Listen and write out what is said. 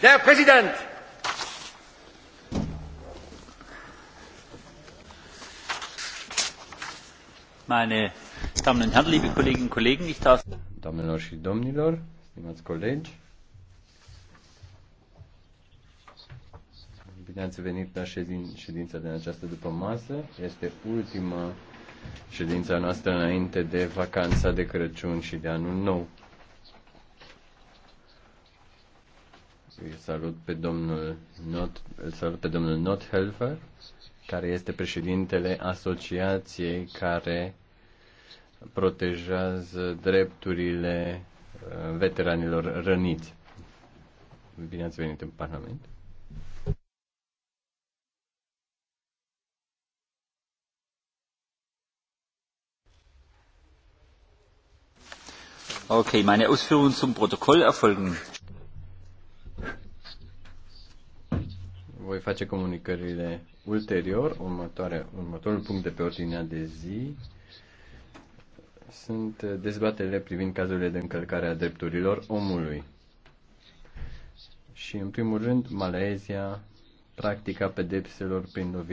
Der Präsident! Meine Damen und Herren, liebe Kolleginnen und Kollegen, ich darf... Doamnelor și domnilor, stimați colegi, bine ați venit la ședin, ședința de această după masă. Este ultima ședința noastră înainte de vacanța de Crăciun și de Anul Nou. Îl salut pe domnul, Not, îl salut pe domnul Nothelfer, care este președintele asociației care protejează drepturile uh, veteranilor răniți. Bine ați venit în Parlament. Okay, meine Ausführungen zum Protokoll erfolgen. voi face comunicările ulterior. Următoare, următorul punct de pe ordinea de zi sunt dezbaterile privind cazurile de încălcare a drepturilor omului. Și, în primul rând, Malezia, practica pedepselor prin